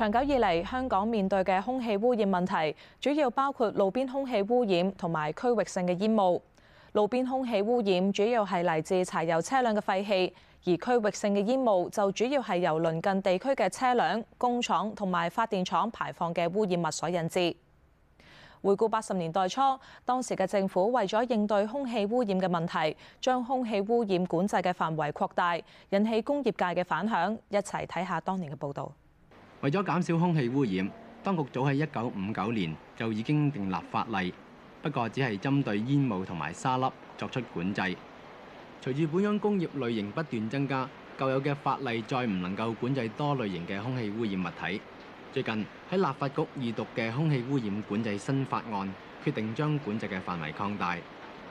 長久以嚟，香港面對嘅空氣污染問題，主要包括路邊空氣污染同埋區域性嘅煙霧。路邊空氣污染主要係嚟自柴油車輛嘅廢氣，而區域性嘅煙霧就主要係由鄰近地區嘅車輛、工廠同埋發電廠排放嘅污染物所引致。回顧八十年代初，當時嘅政府為咗應對空氣污染嘅問題，將空氣污染管制嘅範圍擴大，引起工業界嘅反響。一齊睇下當年嘅報導。為咗減少空氣污染，當局早喺一九五九年就已經訂立法例，不過只係針對煙霧同埋沙粒作出管制。隨住本港工業類型不斷增加，舊有嘅法例再唔能夠管制多類型嘅空氣污染物體。最近喺立法局二讀嘅空氣污染管制新法案，決定將管制嘅範圍擴大，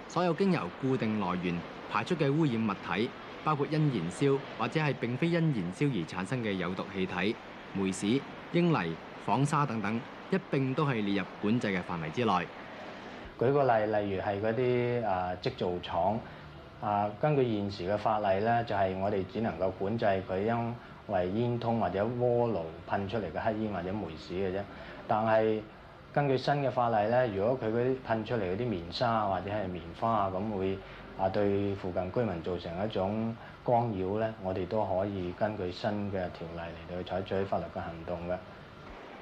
所有經由固定來源排出嘅污染物體，包括因燃燒或者係並非因燃燒而產生嘅有毒氣體。煤屎、英泥、紡紗等等，一併都係列入管制嘅範圍之內。舉個例，例如係嗰啲誒織造廠啊，根據現時嘅法例咧，就係、是、我哋只能夠管制佢因為煙囪或者鍋爐噴出嚟嘅黑煙或者煤屎嘅啫。但係根據新嘅法例咧，如果佢啲噴出嚟嗰啲棉紗或者係棉花啊，咁會。啊！對附近居民造成一種干擾呢，我哋都可以根據新嘅條例嚟到採取法律嘅行動嘅。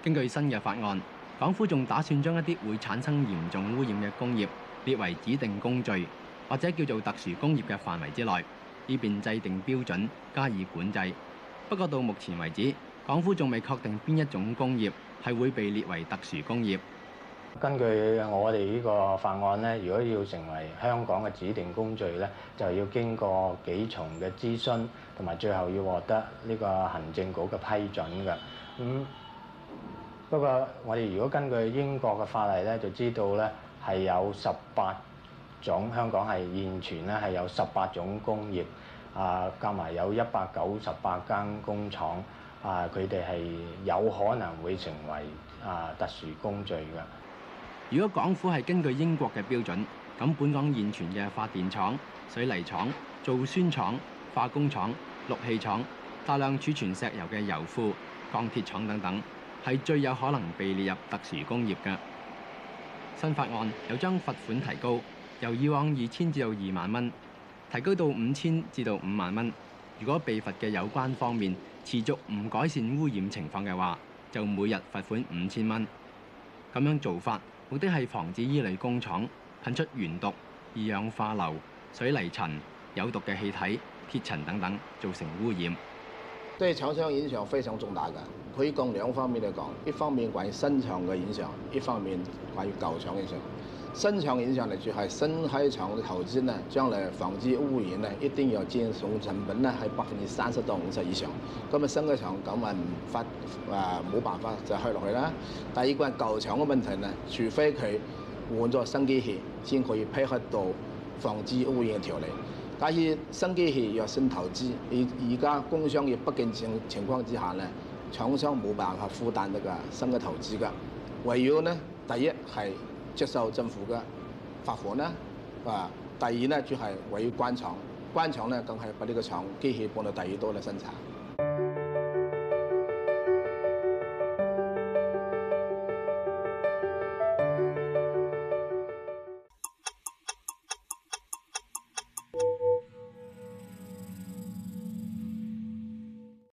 根據新嘅法案，港府仲打算將一啲會產生嚴重污染嘅工業列為指定工序或者叫做特殊工業嘅範圍之內，以便制定標準加以管制。不過到目前為止，港府仲未確定邊一種工業係會被列為特殊工業。根據我哋呢個法案呢，如果要成為香港嘅指定工序呢，就要經過幾重嘅諮詢，同埋最後要獲得呢個行政局嘅批准嘅。咁不過我哋如果根據英國嘅法例呢，就知道呢係有十八種香港係現存呢係有十八種工業啊，夾埋有一百九十八間工廠啊，佢哋係有可能會成為啊特殊工序㗎。如果港府係根據英國嘅標準，咁本港現存嘅發電廠、水泥廠、造酸廠、化工廠、氯氣廠、大量儲存石油嘅油庫、鋼鐵廠等等，係最有可能被列入特殊工業㗎。新法案又將罰款提高，由以往二千至到二萬蚊，提高到五千至到五萬蚊。如果被罰嘅有關方面持續唔改善污染情況嘅話，就每日罰款五千蚊。咁樣做法。目的係防止依類工廠噴出鉛毒、二氧化硫、水泥塵、有毒嘅氣體、鐵塵等等，造成污染。對廠商影響非常重大嘅，可以講兩方面嚟講，一方面關於新廠嘅影響，一方面關於舊廠嘅影響。新廠影響嚟講係新開廠嘅投資咧，將來防止污染咧，一定要佔總成本咧係百分之三十到五十以上。咁啊，新嘅廠咁話唔發啊，冇辦法就開落去啦。第二個係舊廠嘅問題咧，除非佢換咗新機器先可以配合到防止污染嘅條例。但係新機器要新投資，而而家工商業不景情情況之下咧，廠商冇辦法負擔呢個新嘅投資㗎。唯有咧，第一係，接受政府嘅罰款啦，啊，第二咧就是為了關廠，關廠呢梗係，把這個廠機器搬到第二度嚟生產。